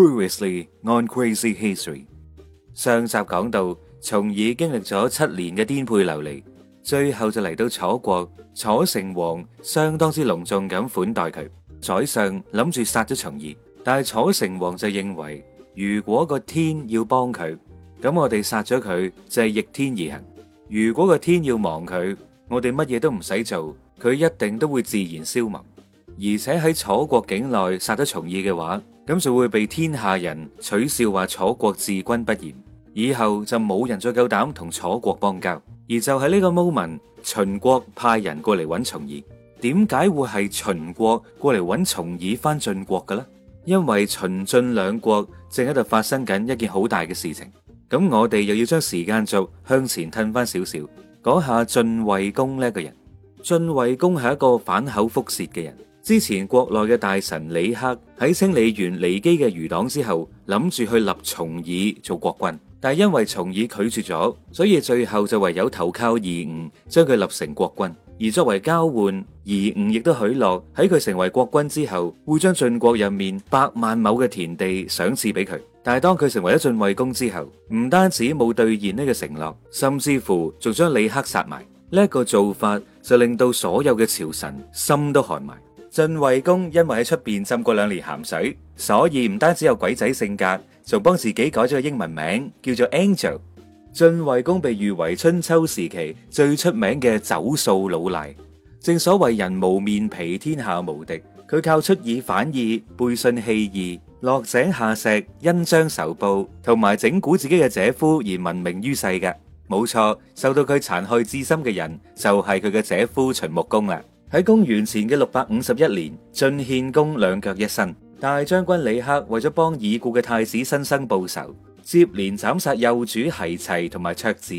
Previously on Crazy History，上集講到，重耳經歷咗七年嘅顛沛流離，最後就嚟到楚國，楚成王相當之隆重咁款待佢。宰相諗住殺咗重耳，但係楚成王就認為，如果個天要幫佢，咁我哋殺咗佢就係逆天而行；如果個天要亡佢，我哋乜嘢都唔使做，佢一定都會自然消亡。而且喺楚國境內殺咗重耳嘅話，咁就會被天下人取笑，話楚國治軍不嚴，以後就冇人再夠膽同楚國邦交。而就喺呢個 moment，秦國派人過嚟揾重耳。點解會係秦國過嚟揾重耳翻晉國嘅咧？因為秦晉兩國正喺度發生緊一件好大嘅事情。咁我哋又要將時間軸向前褪翻少少，講下晉惠公呢一個人。晉惠公係一個反口覆舌嘅人。之前國內嘅大臣李克喺清理完驪姬嘅餘黨之後，諗住去立重耳做國君，但係因為重耳拒絕咗，所以最後就唯有投靠夷吾，將佢立成國君。而作為交換，夷吾亦都許諾喺佢成為國君之後，會將晉國入面百萬畝嘅田地賞賜俾佢。但係當佢成為咗晉惠公之後，唔單止冇兌現呢個承諾，甚至乎仲將李克殺埋。呢一個做法就令到所有嘅朝臣心都寒埋。晉惠公因為喺出邊浸過兩年鹹水，所以唔單止有鬼仔性格，仲幫自己改咗個英文名叫做 Angel。晉惠公被譽為春秋時期最出名嘅走數老賴。正所謂人無面皮，天下無敵，佢靠出爾反爾、背信棄義、落井下石、恩將仇報同埋整蠱自己嘅姐夫而聞名於世嘅。冇錯，受到佢殘害至深嘅人就係佢嘅姐夫秦穆公啦。喺公元前嘅六百五十一年，晉獻公兩腳一伸，大將軍李克為咗幫已故嘅太子申生報仇，接連斬殺幼主奚齊同埋卓子，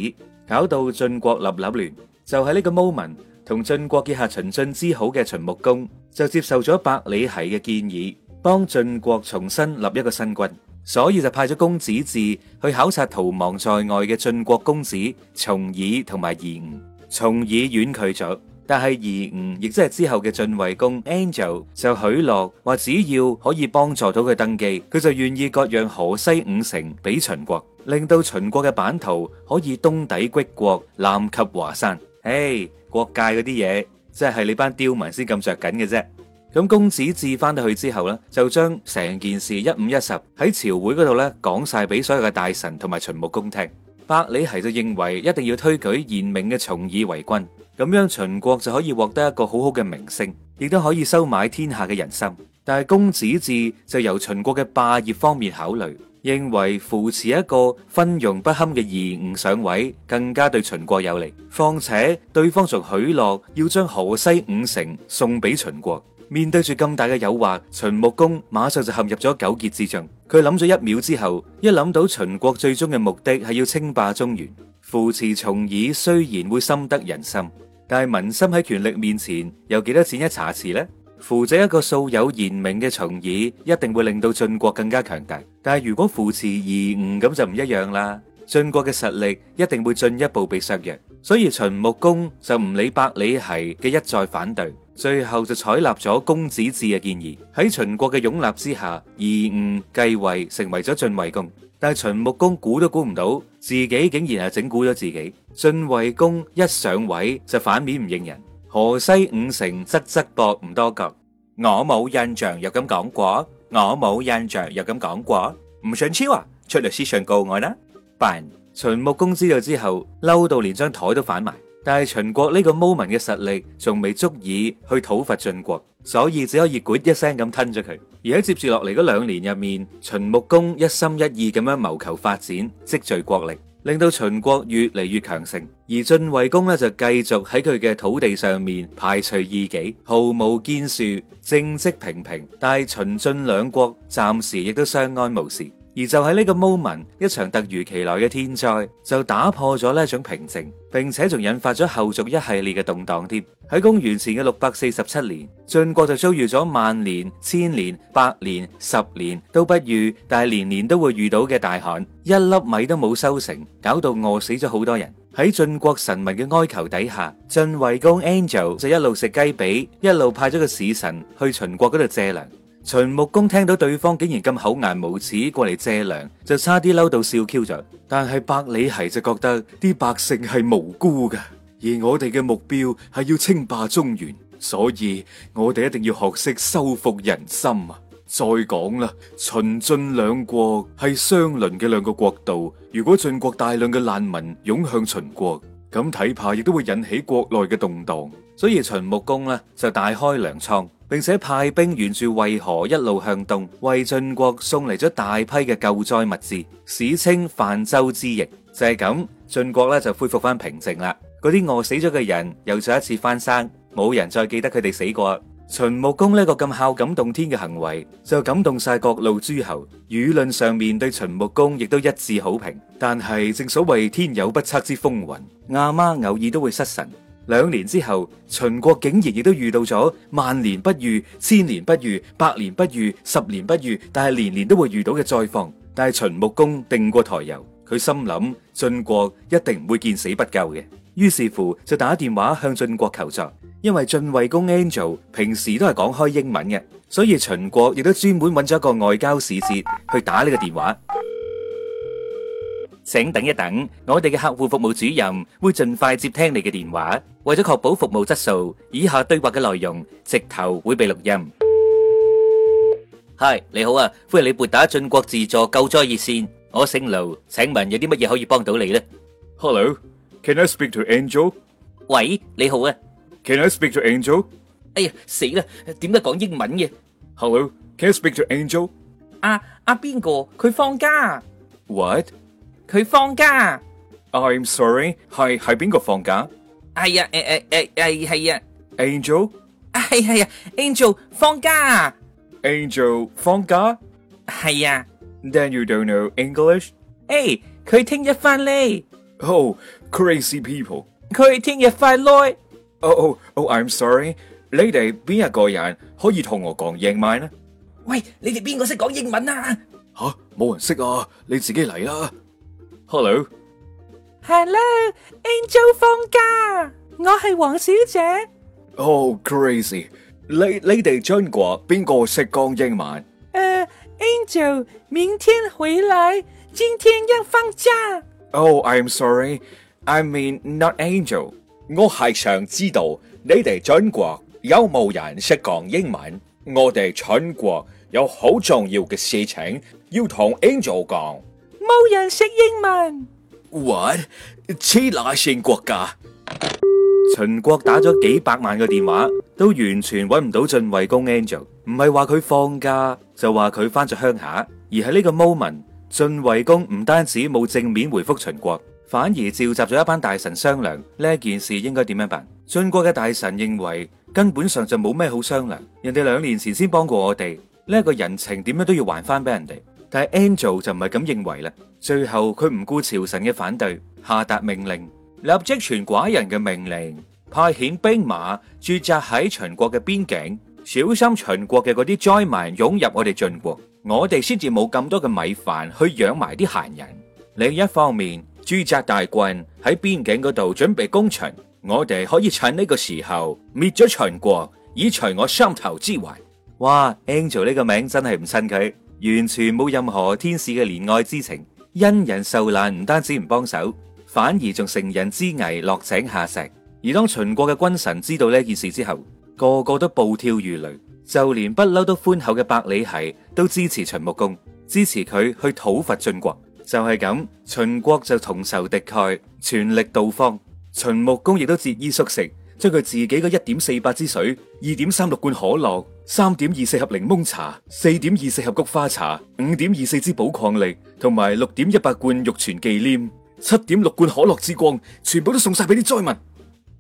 搞到晉國立立亂。就喺呢個 moment 同晉國結下秦晉之好嘅秦穆公，就接受咗百里奚嘅建議，幫晉國重新立一個新君，所以就派咗公子至去考察逃亡在外嘅晉國公子重耳同埋夷吾。重耳婉拒咗。但係夷吾亦即係之後嘅晉惠公 Angel 就許諾話，只要可以幫助到佢登基，佢就願意割讓河西五城俾秦國，令到秦國嘅版圖可以東抵虢國，南及華山。嘿，國界嗰啲嘢，真係你班刁民先咁着緊嘅啫。咁公子至翻到去之後咧，就將成件事一五一十喺朝會嗰度咧講晒俾所有嘅大臣同埋秦穆公聽。百里奚就認為一定要推舉賢明嘅重耳為君，咁樣秦國就可以獲得一個好好嘅名聲，亦都可以收買天下嘅人心。但係公子治就由秦國嘅霸業方面考慮，認為扶持一個昏庸不堪嘅夷吾上位，更加對秦國有利。況且對方仲許諾要將河西五城送俾秦國。面對住咁大嘅誘惑，秦穆公馬上就陷入咗糾結之中。佢諗咗一秒之後，一諗到秦國最終嘅目的係要稱霸中原，扶持重耳雖然會深得人心，但係民心喺權力面前又幾多錢一茶匙呢？扶植一個素有賢名嘅重耳，一定會令到晉國更加強大。但係如果扶持夷吾咁就唔一樣啦，晉國嘅實力一定會進一步被削弱。所以秦穆公就唔理百里奚嘅一再反對。最後就採納咗公子至嘅建議，喺秦國嘅擁立之下，夷吾繼位成為咗晉惠公。但係秦穆公估都估唔到，自己竟然係整蠱咗自己。晉惠公一上位就反面唔認人，河西五城側側膊唔多覺。我冇印象又咁講過，我冇印象又咁講過。唔准超啊，出律師信告我啦。辦秦穆公知道之後，嬲到連張台都反埋。但係秦國呢個 moment 嘅實力仲未足以去討伐晉國，所以只可以咕一聲咁吞咗佢。而喺接住落嚟嗰兩年入面，秦穆公一心一意咁樣謀求發展，積聚國力，令到秦國越嚟越強盛。而晉惠公呢，就繼續喺佢嘅土地上面排除異己，毫無建樹，政績平平。但係秦晉兩國暫時亦都相安無事。而就喺呢個 moment，一場突如其來嘅天災就打破咗呢一種平靜，並且仲引發咗後續一系列嘅動盪添。喺公元前嘅六百四十七年，晉國就遭遇咗萬年、千年、百年、十年都不遇，但係年年都會遇到嘅大旱，一粒米都冇收成，搞到餓死咗好多人。喺晉國臣民嘅哀求底下，晉惠公 Angel 就一路食雞髀，一路派咗個使臣去秦國嗰度借糧。秦穆公聽到對方竟然咁厚顏無恥過嚟借糧，就差啲嬲到笑 Q 咗。但係百里奚就覺得啲百姓係無辜嘅，而我哋嘅目標係要稱霸中原，所以我哋一定要學識收復人心啊！再講啦，秦晉兩國係相鄰嘅兩個國度，如果晉國大量嘅難民湧向秦國，咁睇怕亦都會引起國內嘅動蕩，所以秦穆公呢，就大開糧倉。並且派兵沿住渭河一路向東，為晉國送嚟咗大批嘅救災物資，史稱泛舟之役。就係咁，晉國咧就恢復翻平靜啦。嗰啲餓死咗嘅人又再一次翻生，冇人再記得佢哋死過。秦穆公呢個咁孝感動天嘅行為，就感動晒各路諸侯，輿論上面對秦穆公亦都一致好評。但係正所謂天有不測之風雲，亞媽偶爾都會失神。兩年之後，秦國竟然亦都遇到咗萬年不遇、千年不遇、百年不遇、十年不遇，但係年年都會遇到嘅災荒。但係秦穆公定過台游，佢心諗晉國一定唔會見死不救嘅，於是乎就打電話向晉國求助。因為晉惠公 Angel 平時都係講開英文嘅，所以秦國亦都專門揾咗一個外交使節去打呢個電話。請等一等，我哋嘅客戶服務主任會盡快接聽你嘅電話。為咗確保服務質素，以下對話嘅內容直頭會被錄音。Hi，你好啊，歡迎你撥打晉國自助救災熱線。我姓盧，請問有啲乜嘢可以幫到你呢？Hello，Can I speak to Angel？喂，你好啊。Can I speak to Angel？哎呀，死啦，點解講英文嘅？Hello，Can I speak to Angel？阿阿邊個？佢放假啊？What？佢放假。I'm sorry，係係邊個放假？係啊，誒誒誒誒係啊。Angel。係係啊，Angel 放假。Angel 放假？係啊。Then you don't know English。誒，佢聽日翻嚟。Oh，crazy people。佢聽日翻嚟。Oh oh oh，I'm sorry。你哋邊一個人可以同我講英文呢？喂，你哋邊個識講英文啊？吓，冇人識啊，你自己嚟啦。Hello，Hello，Angel 放假，我係黃小姐。Oh crazy，你你哋中國邊個識講英文？誒，Angel 明天回來，今天要放假。Oh，I'm sorry，I mean not Angel。我係想知道你哋中國有冇人識講英文？我哋中國有好重要嘅事情要同 Angel 講。冇人識英文。What？黐乸線國家。秦國打咗幾百萬個電話，都完全搵唔到晉惠公 Angel。唔係話佢放假，就話佢翻咗鄉下，而係呢個 moment，晉惠公唔單止冇正面回複秦國，反而召集咗一班大臣商量呢一件事應該點樣辦。晉國嘅大臣認為根本上就冇咩好商量。人哋兩年前先幫過我哋，呢一個人情點樣都要還翻俾人哋。但 Angel 就唔係咁認為啦。最後佢唔顧朝臣嘅反對，下達命令，立即傳寡人嘅命令，派遣兵馬駐紮喺秦國嘅邊境，小心秦國嘅嗰啲災民湧入我哋晉國，我哋先至冇咁多嘅米飯去養埋啲閒人。另一方面，駐紮大軍喺邊境嗰度準備攻秦，我哋可以趁呢個時候滅咗秦國，以除我心頭之患。哇 Angel 呢個名真係唔親佢。完全冇任何天使嘅憐愛之情，因人受難唔單止唔幫手，反而仲成人之危，落井下石。而當秦國嘅君臣知道呢件事之後，個個都暴跳如雷，就連不嬲都寬厚嘅百里奚都支持秦穆公，支持佢去討伐晉國。就係、是、咁，秦國就同仇敵愾，全力杜方。秦穆公亦都節衣縮食。將佢自己嘅一點四百支水、二點三六罐可樂、三點二四盒檸檬茶、四點二四盒菊花茶、五點二四支寶礦力同埋六點一百罐玉泉忌廉、七點六罐可樂之光，全部都送晒俾啲災民。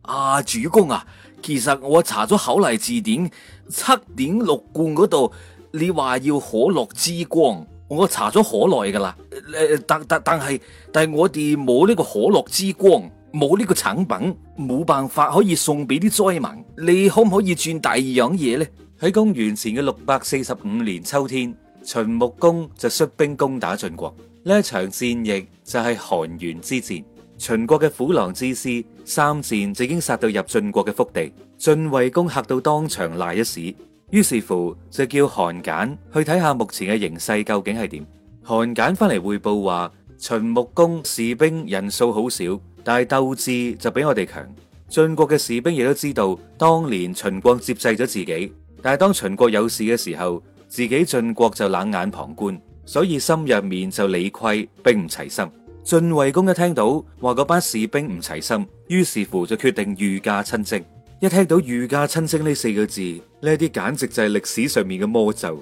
啊，主公啊，其實我查咗口麗字典，七點六罐嗰度，你話要可樂之光，我查咗可耐噶啦。誒、呃，但但但係，但係我哋冇呢個可樂之光。冇呢個產品，冇辦法可以送俾啲災民。你可唔可以轉第二樣嘢呢？喺公元前嘅六百四十五年秋天，秦穆公就率兵攻打晉國。呢一場戰役就係韓原之戰。秦國嘅虎狼之師三戰就已經殺到入晉國嘅腹地。晉惠公嚇到當場賴一屎，於是乎就叫韓簡去睇下目前嘅形勢究竟係點。韓簡翻嚟匯報話。秦穆公士兵人數好少，但係鬥志就比我哋強。晉國嘅士兵亦都知道當年秦國接濟咗自己，但係當秦國有事嘅時候，自己晉國就冷眼旁觀，所以心入面就理虧，並唔齊心。晉惠公一聽到話嗰班士兵唔齊心，於是乎就決定御駕親征。一聽到御駕親征呢四個字，呢啲簡直就係歷史上面嘅魔咒，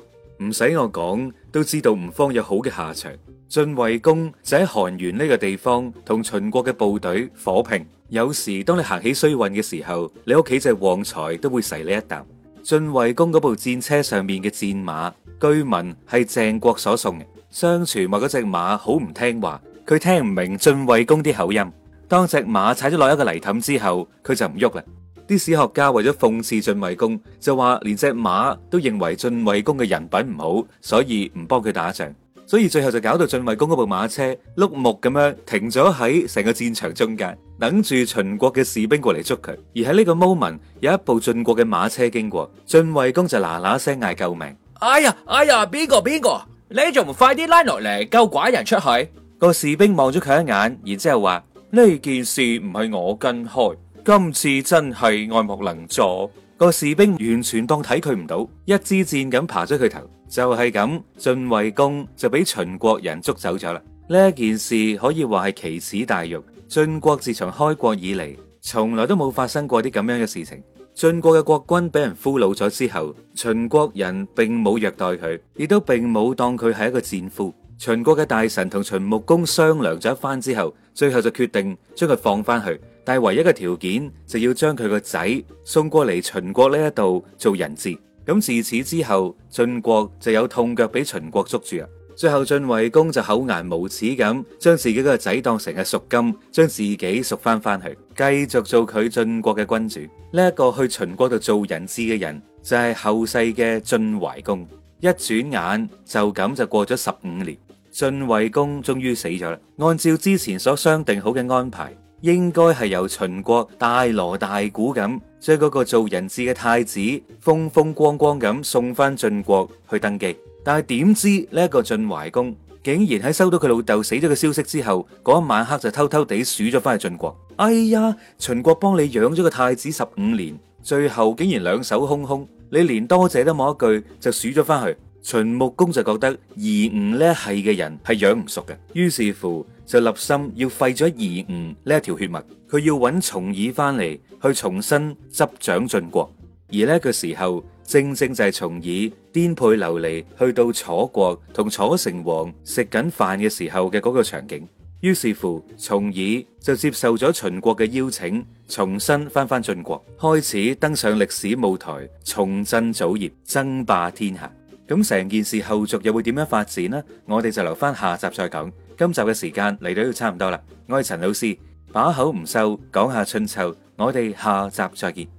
唔使我講都知道吳方有好嘅下場。晉惠公就喺韓原呢個地方同秦國嘅部隊火拼。有時當你行起衰運嘅時候，你屋企隻旺財都會噬你一啖。晉惠公嗰部戰車上面嘅戰馬，據聞係鄭國所送嘅。相傳話嗰隻馬好唔聽話，佢聽唔明晉惠公啲口音。當隻馬踩咗落一個泥凼之後，佢就唔喐啦。啲史學家為咗諷刺晉惠公，就話連隻馬都認為晉惠公嘅人品唔好，所以唔幫佢打仗。所以最後就搞到晉惠公嗰部馬車碌木咁樣停咗喺成個戰場中間，等住秦國嘅士兵過嚟捉佢。而喺呢個 moment，有一部晉國嘅馬車經過，晉惠公就嗱嗱聲嗌救命！「哎呀哎呀，邊個邊個，你仲唔快啲拉落嚟，救寡人出去！」個士兵望咗佢一眼，然之後話呢件事唔係我跟開，今次真係愛莫能助。個士兵完全當睇佢唔到，一支箭咁爬咗佢頭。就係咁，晉惠公就俾秦國人捉走咗啦。呢一件事可以話係奇恥大辱。晉國自從開國以嚟，從來都冇發生過啲咁樣嘅事情。晉國嘅國君俾人俘虜咗之後，秦國人並冇虐待佢，亦都並冇當佢係一個戰俘。秦國嘅大臣同秦穆公商量咗一番之後，最後就決定將佢放翻去，但係唯一嘅條件就要將佢個仔送過嚟秦國呢一度做人質。咁自此之後，晉國就有痛腳俾秦國捉住啊！最後晉惠公就厚顏無恥咁，將自己個仔當成係贖金，將自己贖翻翻去，繼續做佢晉國嘅君主。呢、這、一個去秦國度做人質嘅人，就係、是、後世嘅晉懷公。一轉眼就咁就過咗十五年，晉惠公終於死咗啦。按照之前所商定好嘅安排。應該係由秦國大鑼大鼓咁將嗰個做人質嘅太子風風光光咁送翻晉國去登基，但係點知呢一個晉懷公竟然喺收到佢老豆死咗嘅消息之後，嗰一晚黑就偷偷地鼠咗翻去晉國。哎呀，秦國幫你養咗個太子十五年，最後竟然兩手空空，你連多謝都冇一句就鼠咗翻去。秦穆公就覺得夷吾呢係嘅人係養唔熟嘅，於是乎就立心要廢咗夷吾呢一條血脈，佢要揾重耳翻嚟，去重新執掌晉國。而呢個時候，正正就係重耳顛沛流離去到楚國同楚成王食緊飯嘅時候嘅嗰個場景。於是乎，重耳就接受咗秦國嘅邀請，重新翻返晉國，開始登上歷史舞台，重振祖業，爭霸天下。咁成件事後續又會點樣發展呢？我哋就留翻下，下集再講。今集嘅時間嚟到都差唔多啦。我係陳老師，把口唔收，講下春秋。我哋下集再見。